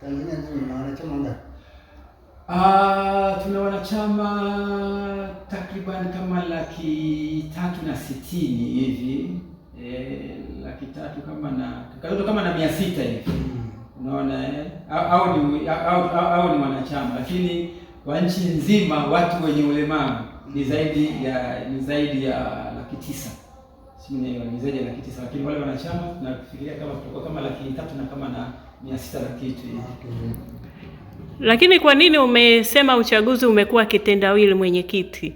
Tanzania nzima wanachama ngapi? tuna wanachama takriban kama laki tatu na sitini hivi e, laki tatu kama na karibu kama na mia sita hivi hmm. unaona, eh? au ni au, au ni wanachama, lakini kwa nchi nzima watu wenye ulemavu ni hmm. zaidi ya ni zaidi ya laki tisa ni zaidi ya laki tisa, lakini wale wanachama tunafikiria kama tutakuwa kama laki tatu na kama na mia sita na kitu hivi. Lakini kwa nini umesema uchaguzi umekuwa kitendawili mwenyekiti?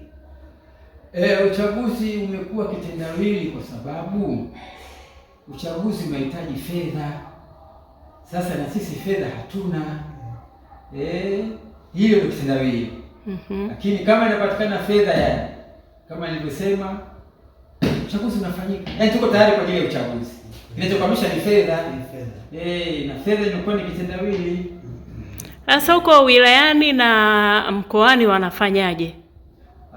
E, uchaguzi umekuwa kitendawili kwa sababu uchaguzi unahitaji fedha. Sasa na sisi fedha hatuna. E, hiyo ndio kitendawili. Mm -hmm. Lakini kama inapatikana fedha yani kama nilivyosema uchaguzi unafanyika. Yaani tuko tayari kwa ajili ya uchaguzi. Kinachokamisha ni fedha. Eh, na fedha imekuwa ni kitendawili. Sasa huko wilayani na mkoani wanafanyaje?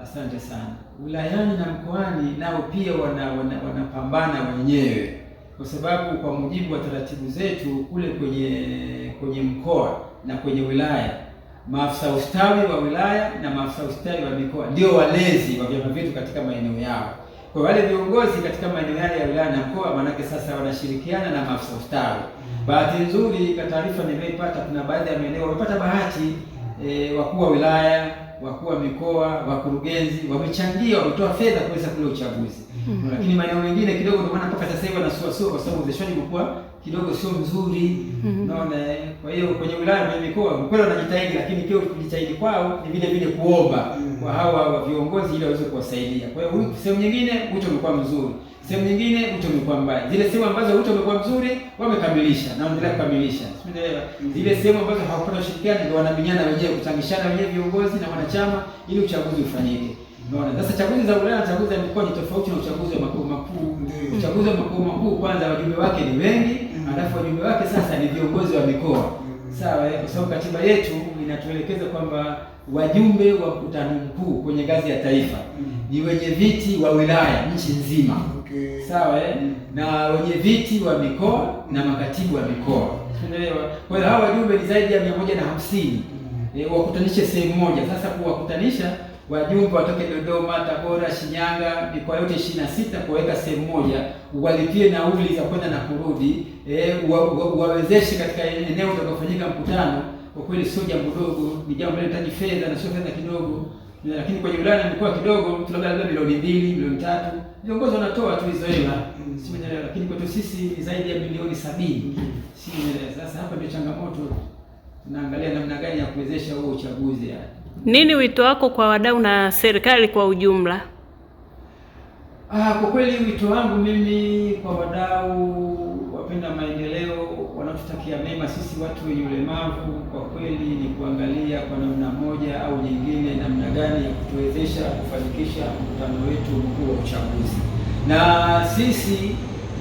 Asante sana. Wilayani na mkoani nao pia wanapambana wana, wana wenyewe kwa sababu kwa mujibu wa taratibu zetu kule kwenye kwenye mkoa na kwenye wilaya, maafisa ustawi wa wilaya na maafisa ustawi wa mikoa ndio walezi wa vyama vyetu katika maeneo yao. Kwa wale viongozi katika maeneo yale ya wilaya na mkoa, maanake sasa wanashirikiana na maafisa ustawi Bahati nzuri kwa taarifa nimeipata, kuna baadhi ya maeneo wamepata bahati e, wakuu wa wilaya, wakuu wa mikoa, wakurugenzi wamechangia, wametoa fedha kuweza kule uchaguzi mm -hmm. Lakini maeneo mengine kidogo, ndio maana mpaka sasa hivi wanasuasua kwa sababu uwezeshaji umekuwa kidogo sio mzuri mm -hmm. kwa hiyo kwenye wilaya na mikoa kweli wanajitahidi, lakini kile kujitahidi kwao ni vile vile kuomba kwa hawa wa viongozi ili waweze kuwasaidia. Kwa hiyo sehemu nyingine wito umekuwa mzuri, sehemu nyingine wito umekuwa mbaya. Zile sehemu ambazo wito umekuwa mzuri wamekamilisha na wanaendelea kukamilisha, umeelewa? Zile sehemu ambazo hawakupata ushirikiano ndio wanamenyana wenyewe, kuchangishana wenyewe viongozi na wanachama ili uchaguzi ufanyike. Unaona, sasa chaguzi za wilaya na chaguzi za mikoa ni tofauti na uchaguzi wa makao makuu. Uchaguzi wa makao makuu kwanza wajumbe wake ni wengi, mm. alafu wajumbe wake sasa ni viongozi wa mikoa sawa, eh, kwa sababu katiba yetu inatuelekeza kwamba wajumbe wa mkutano mkuu kwenye ngazi ya taifa mm. ni wenye viti wa wilaya nchi nzima, okay. Sawa eh? mm. na wenye viti wa mikoa na makatibu wa mikoa, unaelewa. Kwa hiyo hawa wajumbe ni zaidi ya mia moja na hamsini mm. eh, wakutanishe sehemu moja. Sasa kuwakutanisha wajumbe watoke Dodoma, Tabora, Shinyanga, mikoa yote 26 kuweka sehemu moja, walipie nauli za kwenda na kurudi, eh, e, wawezeshe katika eneo utakofanyika mkutano. Kwa kweli sio jambo dogo, ni jambo linahitaji fedha na sio fedha kidogo, lakini kwenye wilaya na mikoa kidogo, labda labda milioni mbili, milioni tatu, viongozi wanatoa tu hizo hela, mm. si mwenyewe, lakini kwetu sisi ni zaidi ya milioni sabini, mm. simenelewa. Sasa hapa ndio changamoto, tunaangalia namna gani ya kuwezesha huo uchaguzi yani nini wito wako kwa wadau na serikali kwa ujumla? Ah, kwa kweli wito wangu mimi kwa wadau wapenda maendeleo wanaotutakia mema sisi watu wenye ulemavu, kwa kweli ni kuangalia kwa namna moja au nyingine, namna gani ya kutuwezesha kufanikisha mkutano wetu mkuu wa uchaguzi, na sisi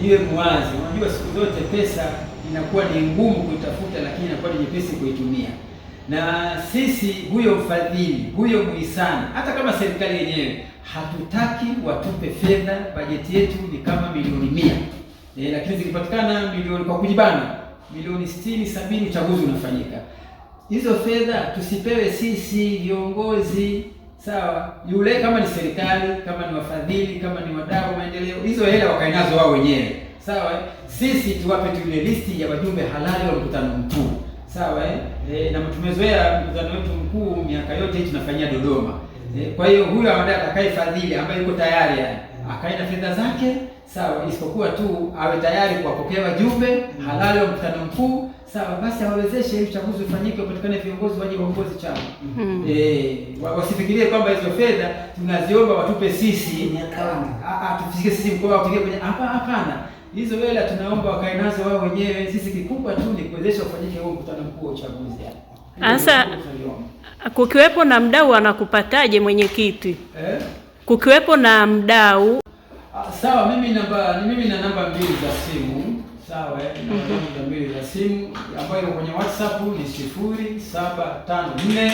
iwe mwazi. Unajua siku zote pesa inakuwa ni ngumu kuitafuta, lakini inakuwa ni nyepesi kuitumia na sisi huyo mfadhili huyo muhisani, hata kama serikali yenyewe hatutaki watupe fedha, bajeti yetu ni kama milioni mia e, lakini zikipatikana milioni kwa kujibana milioni sitini sabini, uchaguzi unafanyika, hizo fedha tusipewe sisi viongozi sawa. Yule kama ni serikali, kama ni wafadhili, kama ni wadau maendeleo, hizo hela wakae nazo wao wenyewe sawa. Sisi tuwape tu ile listi ya wajumbe halali wa mkutano mkuu sawa eh? E, na tumezoea mkutano wetu mkuu miaka yote tunafanyia Dodoma. E, kwa hiyo huyo ambaye atakaye fadhili ambaye yuko tayari eh, akaenda fedha zake sawa, isipokuwa tu awe tayari kuwapokea wajumbe halali wa mkutano mkuu sawa, basi awawezeshe uchaguzi ufanyike, upatikane viongozi waje waongoze chama mm -hmm. E, wasifikirie kwamba hizo fedha tunaziomba watupe sisi, tufikie sisi mkoa, watukie kwenye hapana hizo hela tunaomba wakae nazo wao wenyewe. Sisi kikubwa tu ni kuwezesha ufanyike huo mkutano mkuu wa uchaguzi. Sasa kukiwepo na mdau anakupataje mwenyekiti eh? kukiwepo na mdau ah, sawa. Mimi namba mimi na namba mbili za simu sawa, eh, mhm. namba mbili za simu ambayo iko kwenye WhatsApp ni sifuri saba tano nne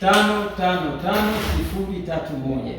tano tano tano sifuri tatu moja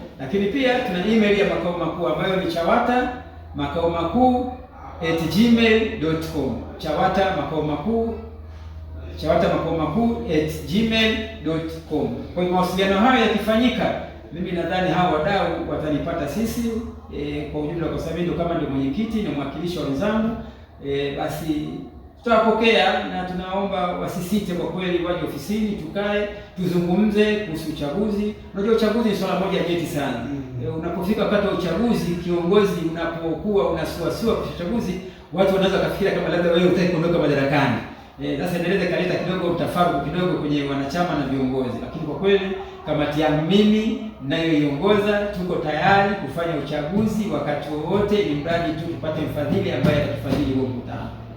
lakini pia tuna email ya makao makuu ambayo ni chawata makao makuu at gmail.com, chawata makao makuu chawata makao makuu at gmail.com. Kwa hiyo mawasiliano hayo yakifanyika, mimi nadhani hao wadau watanipata sisi e, kwa ujumla, kwa sababu ndio kama ndio mwenyekiti na mwakilishi wa wenzangu e, basi tutawapokea na tunaomba wasisite kwa kweli, waje ofisini, tukae tuzungumze kuhusu uchaguzi. Unajua uchaguzi ni swala moja nyeti sana mm. E, unapofika wakati wa uchaguzi, kiongozi unapokuwa unasuasua kwa uchaguzi, watu wanaweza wakafikiria kama labda wewe utaki kuondoka madarakani. E, Sasa e, inaweza ikaleta kidogo mtafaruku kidogo kwenye wanachama na viongozi, lakini kwa kweli kamati ya mimi nayoiongoza tuko tayari kufanya uchaguzi wakati wowote, ni mradi tu tupate mfadhili ambaye atatufadhili huo mkutano.